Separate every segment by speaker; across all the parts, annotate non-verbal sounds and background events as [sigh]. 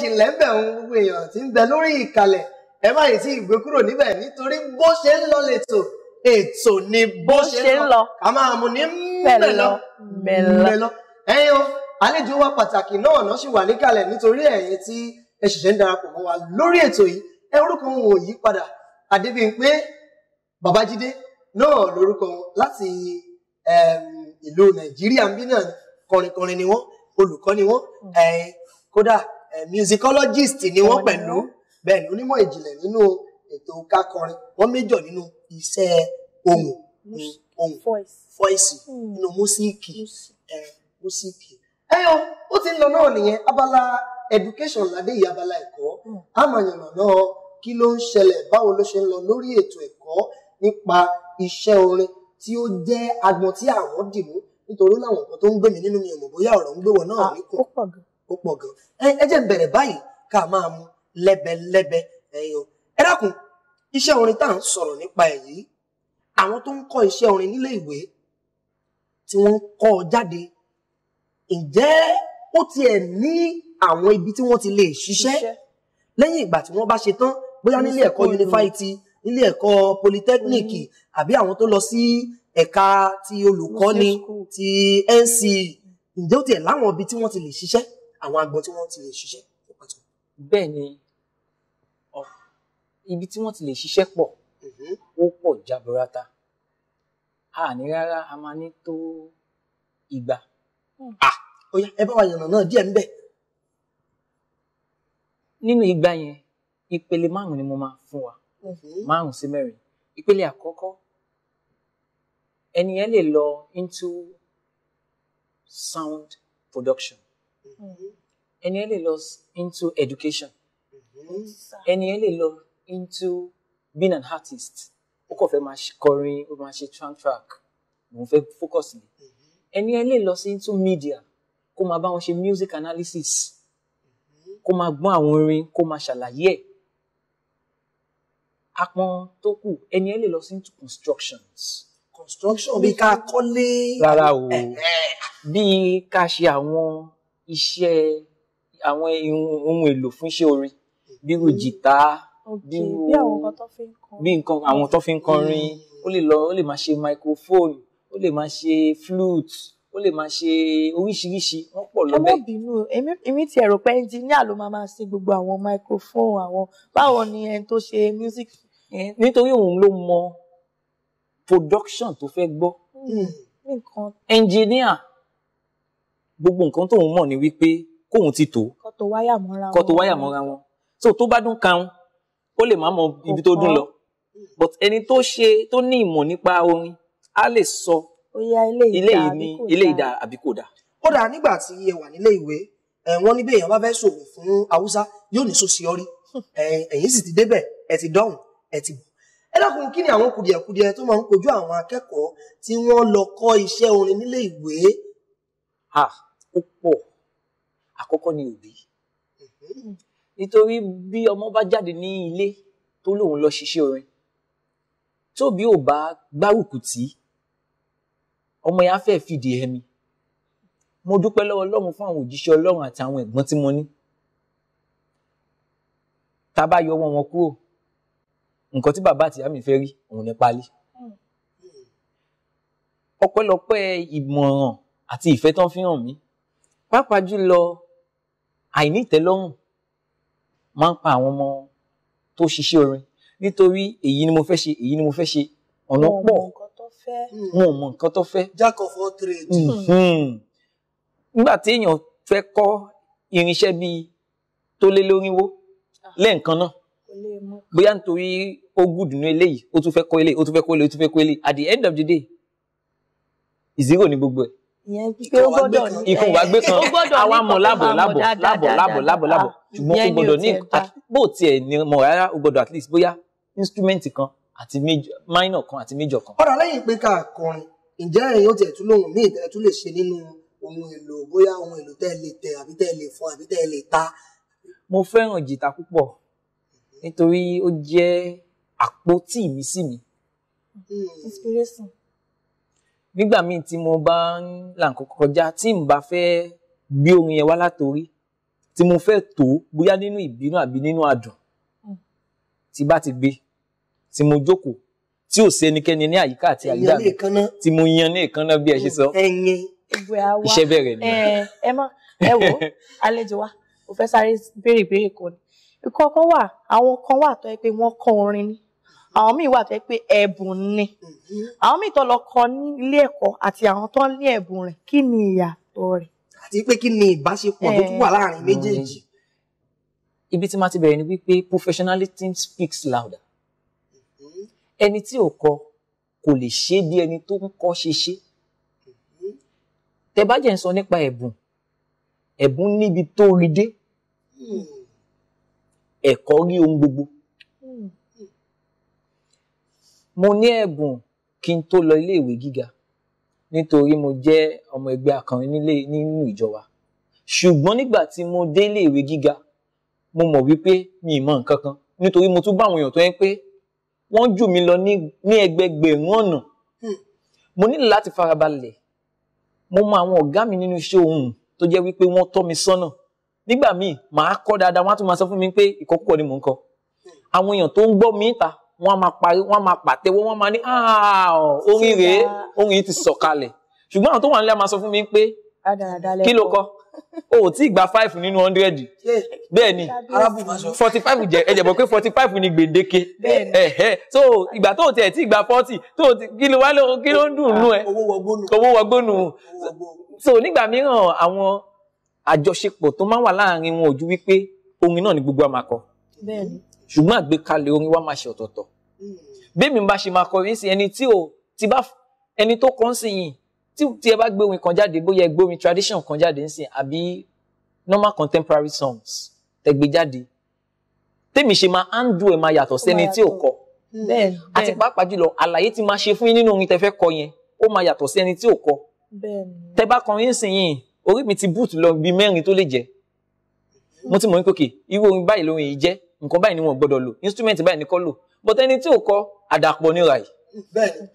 Speaker 1: ṣì ń lẹ́ńbẹ̀ ohun gbogbo èèyàn tí ń bẹ lórí ìkàlẹ̀ ẹ má yìí tí ìgbé kúrò níbẹ̀ nítorí bó ṣe ń lọ lẹ́tọ̀ ètò ni bó ṣe ń lọ a máa mú ní mẹ́lọ mẹ́lọ ẹ̀yin o àlejò wa pàtàkì náà náà ṣì wà níkàlẹ̀ nítorí ẹ̀yin tí ẹ ṣẹ̀ṣẹ̀ ń darapọ̀ mọ́ wa lórí ètò yìí ẹ orúkọ wọn ò yí padà Adébímpé Babájídé náà lórúkọ wọn láti ìlú Nàìjíríà ń bí náà kọrinkọrin ni wọ́n olùkọ́ ni wọ́n mm. kódà Eh, musicologist ni wọ́n pẹ̀lú bẹ́ẹ̀ ni onímọ̀ ìjìnlẹ̀ nínú ètò kákọrin wọ́n méjọ̀ nínú iṣẹ́ ohùn ní ohùn fọ́ìsì hmm. nínú músíìkì músíìkì. Eh, ẹ ọ ó ti ń lọ náà nìyẹn abala education ládé yìí abala ẹ̀kọ́ àmàyànnà hmm. náà kí ló ń ṣẹlẹ̀ báwo ló ṣe ń lọ lórí ètò ẹ̀kọ́ nípa iṣẹ́ orin tí ó jẹ́ agbọn tí àwọn dìbò nítorí láwọn nǹkan tó ń gbèmí nínú mi ò mọ̀ bóyá ọ̀rọ̀ ń gbé wọn náà níkùn ó pọ̀ gan ẹ jẹ́ bẹ̀rẹ̀ báyìí ká máa mu lẹ́bẹ̀lẹ́bẹ̀ ẹ̀yin o ẹ dákun iṣẹ́ orin tá à ń sọ̀rọ̀ nípa ẹ̀ yìí àwọn tó ń kọ́ iṣẹ́ orin nílé ìwé tí wọ́n kọ́ ọ jáde ǹjẹ́ ó tiẹ̀ ní àwọn ibi tí wọ́n ti lè ṣiṣẹ́ lẹ́yìn ìgbà tí wọ́n bá ṣe tán bóyá nílé ẹ̀kọ́ yunifásitì nílé ẹ̀kọ́ polytechnic mm-hmm. àbí àwọn tó lọ sí ẹ̀ka ti olùkọ́ni ti NCE ǹjẹ́ ó tiẹ̀ láwọn ibi tí wọ́n ti lè ṣiṣẹ́ àwọn agbọn tí wọ́n
Speaker 2: ti lè ṣiṣẹ́ pọ̀ pàtó. bẹ́ẹ̀ ni ibi tí wọ́n ti lè ṣiṣẹ́ pọ̀ mm-hmm. ó pọ̀ jaburata a ní rárá a máa ní tó igba. Hmm. Ah, ó yá ẹ bá wa yànnà náà díẹ̀ ńbẹ̀. nínú igba yẹn ìpele márùn ni mo máa fún wa mm-hmm. márùn sí mẹ́rin ìpele àkọ́kọ́ ẹni lè lọ into sound production ẹni yẹn lè lọ into education ẹni yẹn lè lọ into being an artist ó kàn fẹ́ máa kọrin ó máa ṣe track track òun fẹ́ focus ni ẹni yẹn lè lọ sí into media kó máa bá wọn ṣe music analysis kó máa gbọ́n àwọn orin kó máa ṣàlàyé ẹ̀ apọn tó kù ẹni yẹn lè lọ sí into constructions construction bí ká kọ́lé. rárá o bí ká ṣe àwọn iṣẹ́ àwọn ohun èlò fún iṣẹ́ orin bírú jìtá mm. bírú bí nǹkan àwọn tó fi ń kọrin mm. ó lè lọ ó lè máa ṣe microphone ó lè máa ṣe flute ó lè máa ṣe oríṣiríṣi wọn pọ̀ lọ́bẹ̀. ẹ má
Speaker 3: bínú èmi ti ẹ̀rọ pé ẹnjìníà ló máa máa ṣe gbogbo àwọn microphone àwọn báwo ni ẹni tó ṣe music.
Speaker 2: nítorí òun ló mọ production tó fẹ́ gbọ́. ẹnjìníà mm gbogbo nǹkan tóun mọ̀ ni wípé kóun ti tò
Speaker 3: kọ́tò wáyà mọ́ra wọn kọ́tò wáyà mọ́ra
Speaker 2: wọn so tó bá dún kan ó lè má mọ ibi tó dún lọ but ẹni tó ṣe tó ní ìmọ̀ nípa orin á lè sọ ilé yìí ní ilé ìdá àbí kò dá. ó dà nígbà tí ẹ wà nílé ìwé wọ́n ní bí èèyàn bá
Speaker 1: fẹ́ ṣòwò fún haúsá yóò ní sosiori ẹ̀yin sì ti débẹ̀ ẹ ti dọ́hùn ẹ ti bọ̀. ẹ dákun kí ni àwọn kùdìẹ̀kudiẹ tó máa ń kojú àwọn akẹ́kọ̀ọ́ tí wọ́n lọ kọ́ iṣẹ́
Speaker 2: orin nílé ìwé ó pọ̀ àkọ́kọ́ ni òbí mm-hmm. nítorí bí ọmọ bá jáde ní ilé tó lóun lọ ṣiṣẹ́ orin tóbi ò bá gbárùkù tí ọmọ yẹn á fẹ́ fìdí ẹmi mo dúpẹ́ lọ́wọ́ ọlọ́run fún àwọn òjíṣẹ́ ọlọ́run àti àwọn ẹ̀gbọ́n tí mo ní tá a bá yọ ọwọ́ wọn kúrò nǹkan tí bàbá àtìyá mi fẹ́ rí òun ní pálí
Speaker 3: mm-hmm.
Speaker 2: ọpẹ́lọpẹ́ ìmọ̀ràn àti ìfẹ́ tán fi hàn mí pàápàá jùlọ àìní ìtẹ́lọ́rùn máa ń pa àwọn ọmọ tó ṣiṣẹ́ orin nítorí èyí ni mo fẹ́ ṣe èyí ni mo fẹ́ ṣe ọ̀nà pọ̀ wọn ò mọ nǹkan tó fẹ́. jack of all trades. Hmm, hmm. nígbà tí èèyàn fẹ́ kọ́ irinṣẹ́ bíi tó lé lóríwó ah. lẹ́ẹ̀kan náà bóyá nítorí ó gùdùnú eléyìí ó tún fẹ́ kọ́ eléyìí ó tún fẹ́ kọ́ eléyìí at the end of the day zero ni gbogbo ẹ̀
Speaker 3: ìyẹn pé ó gbọ́dọ̀ ní ikùn wá gbé kan àwa mọ̀ labo. lábọ̀ lábọ̀ lábọ̀ lábọ̀ lábọ̀ ṣùgbọ́n ó gbọ́dọ̀ ní
Speaker 2: bó tiẹ̀ ní mọ̀ rárá ó gbọ́dọ̀ at least bóyá instrument kan àti minor kan àti major kan. ọ̀rọ̀ lẹ́yìn pé ká kọrin ǹjẹ́ ẹ̀yin ó tiẹ̀ tún lóhùn míì tẹ́ tún lè ṣe nínú
Speaker 1: ohun èlò bóyá ohun èlò tẹ́ lè tẹ àbí tẹ́ lè fọn àbí tẹ́ lè
Speaker 2: ta. mo fẹ́ràn jìtá púpọ̀ nítorí ó jẹ́ àpótí mi sí hmm. mi. inspiration nígbà míì tí mo bá ń là ń kọ́kọ́ kọjá tí n bá fẹ́ gbé orin yẹn wá látòrí tí mo fẹ́ tó bóyá nínú ìbínú àbí nínú àdùn hmm. tí bá ti gbé tí mo jókòó tí ò sí ẹnikẹ́ni ní àyíká àti àyíká mi tí mo yan ní ìkànnà bí ẹ ṣe sọ
Speaker 3: iṣẹ́ bẹ̀rẹ̀ ni. ẹ má
Speaker 2: ẹ wò [laughs]
Speaker 3: àlejò wa ò fẹ́ sáré béèrè ìbéèrè kan ni ìkọ̀ọ̀kan wà àwọn kan wà tó yẹ pé wọ́n kọ́ orin ni àwọn míì wà tó pé ẹ̀bùn ni mm-hmm. àwọn míì tó lọ kọ́ nílé ẹ̀kọ́ àti àwọn tó ń ní ẹ̀bùn rẹ̀ kí ni ìyàtọ̀ rẹ̀. àti pé kí ni ìbáṣepọ̀ tó tún wà eh. láàrin méjèèjì.
Speaker 2: Mm-hmm. ibi tí màá ti bẹ̀rẹ̀ ni wípé professionalism speaks louder mm-hmm. ẹni tí ò kọ́ kò lè ṣe bí ẹni tó ń kọ́ ṣe ṣe tẹ bá jẹ́ ń sọ nípa ẹ̀bùn ẹ̀bùn níbi tó rí dé ẹ̀kọ́ rí ohun gbogbo. Mm -hmm mo ní ẹ̀bùn kí n tó lọ iléèwé gíga nítorí mo jẹ́ ọmọ ẹgbẹ́ akọrin nílé nínú ìjọ wa ṣùgbọ́n nígbà tí mo dé iléèwé gíga mo mọ̀ wípé mi ì mọ̀ nǹkan kan nítorí mo tún bá àwọn èèyàn tó yẹn pé wọ́n jù mí lọ ní ẹgbẹgbẹ̀rún ọ̀nà hmm. mo nílò láti farabalẹ̀ mo mọ àwọn ọ̀gá mi nínú iṣẹ́ ohun tó jẹ́ wípé wọ́n tọ́ mi sọ́nà nígbà míì màá kọ́ dáadáa wọ́n á tún máa sọ fún mi pé ìkọ́kúkọ ni mò ń kọ hmm. àwọn èèyàn tó ń gbọ́ mi ta wọ́n á máa parí wọ́n á máa pàtẹ́wọ́ wọ́n máa ní ah, orin rèé orin yìí ti sọ̀kalẹ̀ ṣùgbọ́n àwọn tó wà nílẹ̀ máa sọ fún mi pé kí ló kọ o ò tí ì gba five nínú hundred bẹ́ẹ̀ ni forty five jẹ ẹ jẹ̀bọ̀ pé forty five ni gbèdéke ẹ̀hẹ́ so ìgbà tó o tiẹ̀ tí ì gba forty tó o ti kí ló wá ló kí ló ń dùn nú ẹ owó wọgbónú so nígbà mìíràn àwọn àjọṣepọ̀ tó máa ń wà láàrin wọn ò ju wípé orin náà ni gbogbo àmàkọ ṣùgbọ́n àgbékalẹ̀ orin wa máa ṣe ọ̀tọ̀ọ̀tọ̀ hmm. bẹ́ẹ̀ mi bá ṣe máa kọrin sí ẹni tí ò ti bá ẹni tó kọ́ ń sìn yìí tí tí ẹ bá gbé orin kan jáde bóyá ẹ gbé orin tradition kan jáde ń sìn àbí normal contemporary songs tẹgbẹ́ jáde tèmi ṣe máa handle ẹ máa yàtọ̀ sẹ́ni tí ò kọ
Speaker 3: hmm.
Speaker 2: àti pàápàá jùlọ àlàyé tí máa ṣe fún yín nínú orin tẹ fẹ́ kọ yẹn ó máa yàtọ̀ sẹ́ni tí ò kọ tẹ bá kọrin ń sìn yìí orí mi ti boot lọ bíi mẹ́rin tó lè jẹ mo ti mọ̀ ní kòkè irú orin báyìí lórin yìí jẹ́ nǹkan báyìí ni wọn gbọ́dọ̀ lò instrument báyìí ni kọ́ lò but ẹni tí ò kọ àdàpọ̀ nira yìí. bẹ́ẹ̀ni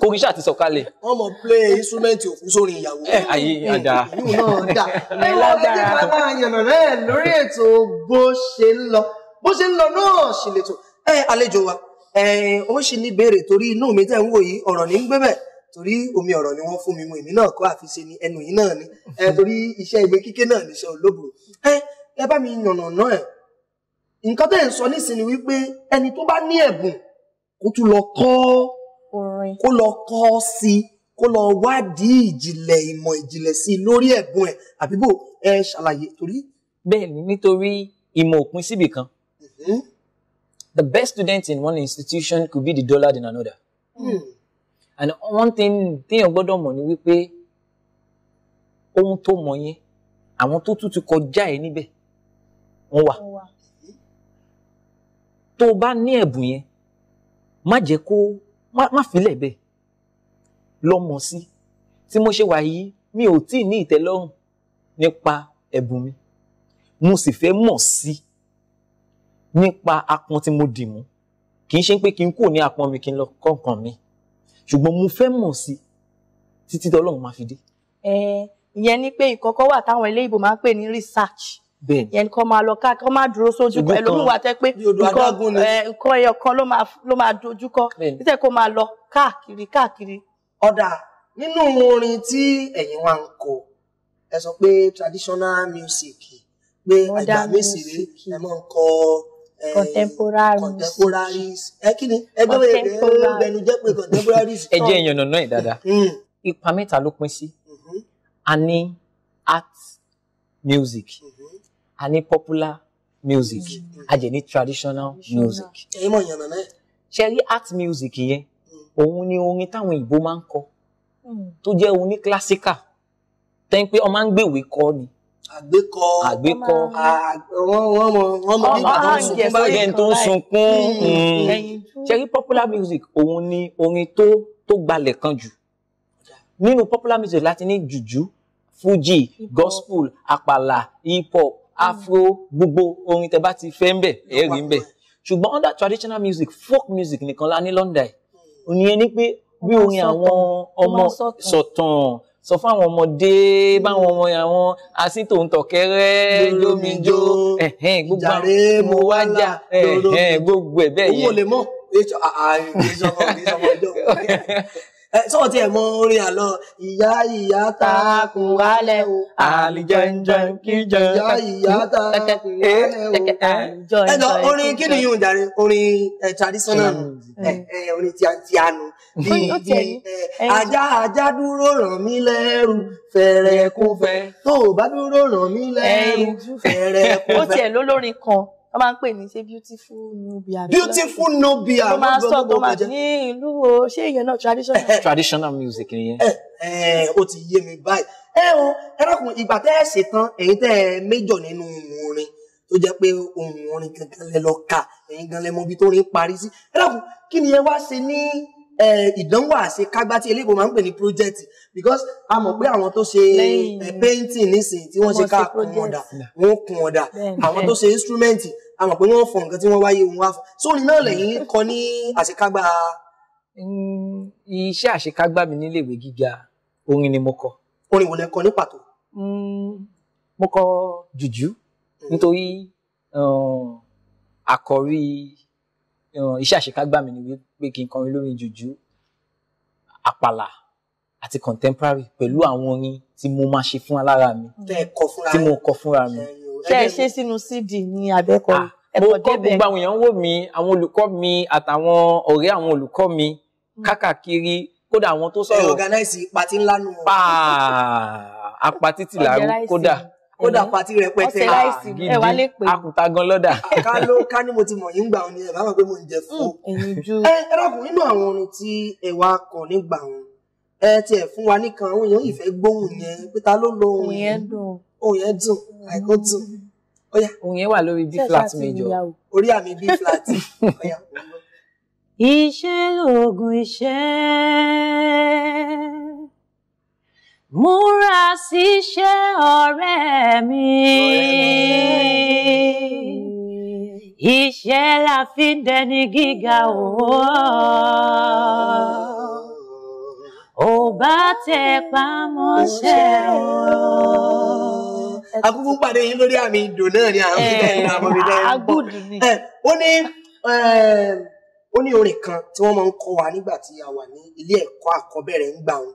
Speaker 2: kòríṣà ti sọ̀kalẹ̀. wọ́n mọ̀ play instrument òkú sórí ìyàwó. ẹ eh, ayé àdá. ìlú
Speaker 3: náà dà. [laughs] ẹ wọ́n ti jẹ́ ká máa
Speaker 2: yànnà rẹ̀
Speaker 1: lórí ètò bó ṣe ń lọ bó ṣe ń lọ náà ṣì lè tó. ẹ àlejò wa ó ṣì ní béèrè torí inú mi tẹ̀ ń wò yìí ọ̀rọ̀ ní ń gbé bẹ̀ torí omi ọ̀rọ̀ ni wọ́n fún mi mu èmi náà kọ́ àfiṣe ni ẹnu yìí náà ni torí iṣẹ́ ìwé kíké náà níṣẹ́ olóbùrò. ẹ ẹ bá mi yànnà náà nǹkan tẹ́ ń sọ nísìnyí wípé ẹni tó bá ní ẹ̀bùn kó tún lọ kọ́ kó lọ kọ́ sí kó lọ wádìí
Speaker 2: ìjìnlẹ̀ ìmọ̀ ìjìnlẹ̀ sí lórí ẹ̀bùn ẹ̀ àbí ẹ ṣàlàyé torí. bẹ́ẹ̀ nítorí ìmọ̀ òpin síbì kan mm-hmm. the best student in one institution could be the dullard in another hmm. and one thing téèyàn gbọ́dọ̀ mọ̀ ni wípé ohun tó mọ̀ yẹn àwọn tó tún ti kọjá ẹ̀ níbẹ̀ wọ́n wà tó o bá ní ẹ̀bùn yẹn má jẹ́ kó má filẹ̀ bẹ́ẹ̀ lọ́mọ sí tí mo ṣe wà yìí mi ò tí ì ní ìtẹ́lọ́rùn nípa ẹ̀bùn mi mo sì fẹ́ mọ̀ sí nípa apọn tí mo dì mú kì í ṣe pé kí n kúrò ní apọn mi kí n lọ kọ̀ọ̀kan mi ṣùgbọ́n mo fẹ́ mọ̀ sí títí tọ́lọ́run máa fi dé.
Speaker 3: ẹ ìyẹn ni pé ìkọ̀kọ̀ wà táwọn ilé ìbò máa ń pè ní research yẹn kọ́ máa lọ káàkiri kọ́ máa dúró sójú kan ẹlòmíì wà tẹ́ pé eh, nǹkan ẹyọ kan ló máa dojú kọ títẹ̀ kó máa lọ káàkiri káàkiri. ọ̀dà nínú orin tí
Speaker 1: ẹ̀yin wa ń kọ ẹ sọ pé traditional music pé àgbà mẹ́sìrè ẹ máa ń kọ
Speaker 3: eh, contemporaries ẹ kí
Speaker 2: ni ẹgbẹ́ ẹgbẹ́nujẹ́ pé contemporaries. ẹ dada ìyànnà náà dáadáa hmm. ipa mẹ́ta ló pín sí mm-hmm. a ní art music. Mm -hmm a ní popular music mm. a jẹ ní traditional music. ẹ̀yin mọ̀ yànnà náà. ṣe rí art music yẹn mm. òun ni orin táwọn ìbò máa ń kọ mm. tó jẹ́ oní classical tẹ́ ń pé ọmọ ń gbèwé kọ́ ni. àgbékọ àgbékọ
Speaker 1: wọn wọn mọ wọn mọ bí bàtà sunkún báyìí ẹni tó ń sunkún ṣe
Speaker 2: rí popular music òun ni orin tó tó gbalẹ̀ kan jù nínú popular music láti ní jùjú fuji gospel àpàlà hip hop Ah. afro gbogbo orin tẹ́ bá ti fẹ́ ń bẹ̀ ẹ̀ rí ń bẹ̀ ṣùgbọ́n under traditional music folk music nìkan la ní London ìyẹn hmm. ni pé bí orin àwọn ọmọ sọ̀tàn sọ fún àwọn ọmọdé báwọn hmm. ọmọ àwọn asítò ń tọ̀kẹ́rẹ́ jómijó mo wá jà gbogbo ẹ̀ bẹ́ẹ̀ yẹn. owó lè mọ̀ ètò àìsàn ah, ah, ọmọ
Speaker 1: ìjọba [laughs] sọ́ọ̀tì ẹ̀ mọ orin àlọ́ ìyá
Speaker 3: ìyá ta kò wálẹ̀ o
Speaker 2: àlìjẹ̀ǹjẹ̀ kíjẹ̀
Speaker 1: ìyá ìyá ta
Speaker 3: kò wálẹ̀ o ẹ̀dọ̀ orin kí ni
Speaker 1: yóò darí orin traditional mm. orin tí a ti àánú mm. bí ajá ajá dúró ràn mí lẹ́rù fẹ̀rẹ̀ kò fẹ́ tó o bá dúró ràn mí lẹ́rù
Speaker 3: fẹ̀rẹ̀ kò fẹ́. [laughs] ó tiẹ̀ lólórin kan wọ́n máa ń pè ní ṣe beautiful nubia. beautiful nubia wọ́n máa ń sọ tó máa ní ìlú o ṣé ìyẹn náà traditional. Eh, eh. traditional music nìyẹn. ẹ
Speaker 1: eh, ẹ o ti yé mi báyìí ẹ o ẹlẹ́kùn ìgbà tẹ́ ẹ ṣetán ẹ̀yin tẹ́ ẹ méjọ nínú orin tó jẹ́ pé ohun orin gangan lẹ lọ kà ẹ̀yin gan lẹ mọ ibi tó rin parí sí ẹlẹ́kùn kí ni ẹ wá ṣe ní ìdánwò àṣekágbá tí eléyìnbó máa ń pè ní project because a mọ̀ pé àwọn tó ṣe painting nísìnyí tí wọ́n ṣe ká kun ọ̀dà wọ́n kun ọ̀dà àwọn tó ṣe instrument a mọ̀ pé wọ́n fọ nǹkan tí wọ́n wáyé wọn wá fọ sórí náà lẹ́yìn kọ ní
Speaker 2: àṣekágbá. iṣẹ́ àṣekágbá mi nílé ìwé gíga orin ni mo kọ. orin wo lẹ kọ ní pàtó. mo kọ jùjú hmm. nítorí um, àkọ́rí iṣẹ́ àṣekágbà mi ni pé kí n kọrin lórí jùjú àpàlà àti contemporary pẹ̀lú àwọn orin tí mo máa ṣe fún alára mi tí mo kọ fúnra mi.
Speaker 3: ṣe é ṣe sínú cd ní abẹ́kọ̀ ah,
Speaker 2: ẹ̀kọ́ débẹ̀. gbogbo àwọn èèyàn wò mí àwọn olùkọ́ mi àtàwọn ọ̀rẹ́ àwọn olùkọ́ mi hmm. káàkiri kódà àwọn tó sọ̀rọ̀. ẹ ọ̀gánáìsì pati ńlá nù. pàà apatí ti làárú kódà kódà pàtí rẹpẹtẹ ah, gidi akuta gan lọ́dà.
Speaker 1: [laughs] ká ló ká ní mo ti mọ̀ yín gbà wọn ni ẹ̀ pé mo ń jẹ mm, fún. ẹ ẹ dákun nínú àwọn orin tí ẹ wá kọ nígbà wọn ẹ ti ẹ fún wa nìkan àwọn èèyàn ìfẹ́ gbóhùn yẹn pé ta ló lo ohùn yẹn ohùn yẹn dùn àìkó dùn.
Speaker 2: ohùn yẹn wà lórí b flat major orí àmì b flat. [laughs]
Speaker 3: iṣẹ́ lóògùn iṣẹ́ múra síṣẹ́ ọ̀rẹ́ mi. Iṣẹ́ la fi ń dẹni gíga o. Oh. Ò bá tẹ pamọ́ṣẹ́ o. Oh. Akúkú pàdé yín lórí àmì ìdò náà
Speaker 1: ni àwọn fi eh, dẹ́yìn àwọn fi dẹ́yìn bọ̀. Eh, ó ní eh, ó ní orin kan tí wọ́n máa ń kọ́ wa nígbà tí a wà ní ilé ẹ̀kọ́ àkọ́bẹ̀rẹ̀ ń gbà wọn.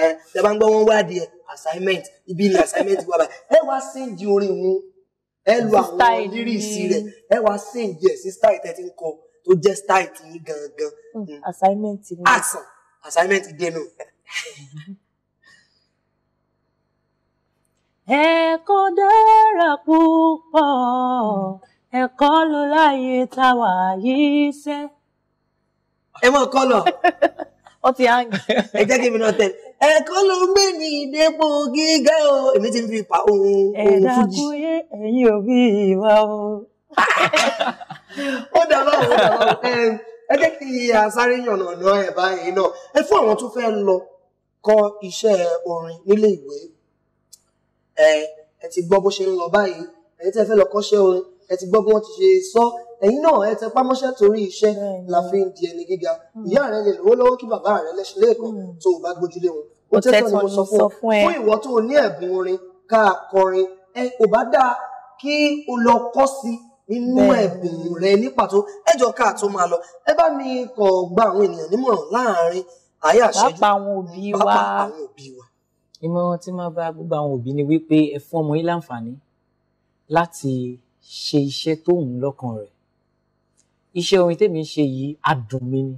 Speaker 1: ẹ tẹ bá ń gbọ́ assignment ibi ni assignment wà báyìí ẹ wá síǹdì orin wọn ẹ lu àwọn lírìsì rẹ ẹ wá síǹdì ẹ sí style tẹ ti ń kọ tó style tí yín gangan. Hmm, hmm. assignment ni àsàn assignment dẹnu.
Speaker 3: [laughs] ẹ̀kọ́ dára púpọ̀ ẹ̀kọ́ ló láyé táwa yìí ṣe. ẹ mọ̀ kọ́ [laughs] ọ ti hang. ẹ jẹ́ kí mi náà tẹ̀lé ẹ̀kọ́ ló gbé mi dépò gíga o èmi ti fi pa ohun ohun
Speaker 1: fújì. ẹ̀dá kúyé ẹ̀yin òbí wa o. ó dàbọ̀ ó dàbọ̀ ẹ jẹ́ kí asáré yànnàná ẹ̀ báyìí náà ẹ fún àwọn tó fẹ́ lọ kọ́ iṣẹ́ orin nílé ìwé ẹ ti gbọ́ bó ṣe ń lọ báyìí ẹ̀yin tẹ́ fẹ́ lọ kọ́ṣẹ́ orin ẹ ti gbọ́ bí wọ́n ti ṣe sọ ẹ̀yin náà ẹ tẹpá mọ́ṣẹ́ torí iṣẹ́ la fi ń di ẹni gíga ìyá rẹ lè lówó lọ́wọ́ kí bàbá rẹ lẹ́sìn lẹ́ẹ̀kan hmm. tó o bá gbójúlé wọn ó tẹ́tọ̀ ni mo sọ fún ẹ fún ìwọ tó o ní ẹ̀bùn orin ká kọrin ẹ kò bá dáa kí o lọ kọ́ sí nínú ẹ̀bùn rẹ ní pàtó ẹ jọ ká tó máa lọ ẹ bá mi kọ̀ gba àwọn ènìyàn nímọ̀ràn láàárín àyà àṣẹjú pápá
Speaker 2: àwọn òbí wa ìmọ̀ràn tí máa bá gbogbo àwọn òbí ni wípé ẹ fún ọmọ yín láǹfààní láti ṣe iṣẹ́ tó wù lọ́kàn rẹ̀ iṣẹ́ orin tèmi ṣe yìí adùn mi ni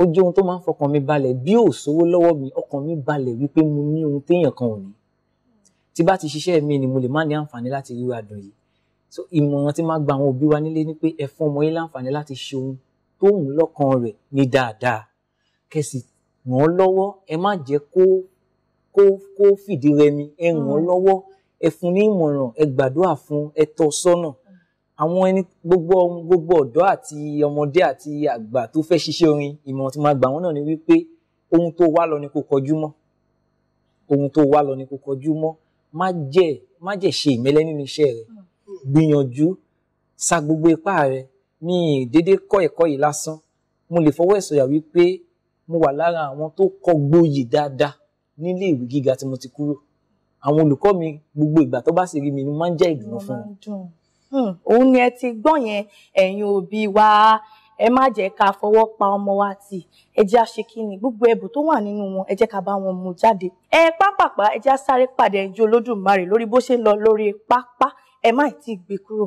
Speaker 2: ó jẹ́ ohun tó máa ń fọkàn mi balẹ̀ bí ò sówó lọ́wọ́ mi ọkàn mi balẹ̀ wípé mo ní ohun téèyàn kan ò ní tí bá ti ṣiṣẹ́ mi ni mo lè má ní àǹfààní láti rí adùn yìí so ìmọ̀ràn tí máa gba àwọn òbí wa nílé ni pé ẹ fún ọmọ yín láǹfààní láti ṣe ohun tó wù lọ́kàn rẹ̀ ní dáadáa kẹsì ràn án lọ́wọ́ ẹ má jẹ́ kó kó kó fìdí rẹmi ẹ ràn án mm. lọ́wọ́ ẹ fún ní ìmọ̀ràn ẹ gbàdúrà fún ẹ tọ́ sọ́nà àwọn ẹni gbogbo gbogbo ọ̀dọ́ àti ọmọdé àti àgbà tó fẹ́ ṣiṣẹ́ orin ìmọ̀ràn tí máa gbà wọ́n náà ni wípé ohun tó wá lọ ni kò kọjú mọ́ ohun tó wá lọ ni kò kọjú mọ́ má jẹ́ má jẹ́ ṣe ìmẹ́lẹ́ nínú iṣẹ́ rẹ gbìyànjú sa gbogbo ipá rẹ mi ì kọ́ ẹ̀kọ́ yìí lásán mo lè fọwọ́ ìsọ̀yà wípé mo wà lára àwọn tó kọ́ gbóyè dáadáa nílé ìwé gíga tí mo ti kúrò àwọn olùkọ́ mi gbogbo ìgbà tó bá sì rí mi ni máa ń jẹ́ ìdùnnú fún
Speaker 3: wọn. Hmm, òun ni ẹ ti gbọ́n yẹn ẹ̀yin òbí wa ẹ má jẹ́ ká fọwọ́ pa ọmọ wa tì ẹ jẹ́ àṣẹ kí ni gbogbo ẹ̀bùn tó wà nínú wọn ẹ jẹ́ ká bá wọn mú jáde. ẹ pápápá ẹ jẹ́ sáré pàdé ẹjọ́ olódùmarè lórí bó ṣe ń lọ lórí pápá ẹ má ì tí ì gbé kúrò.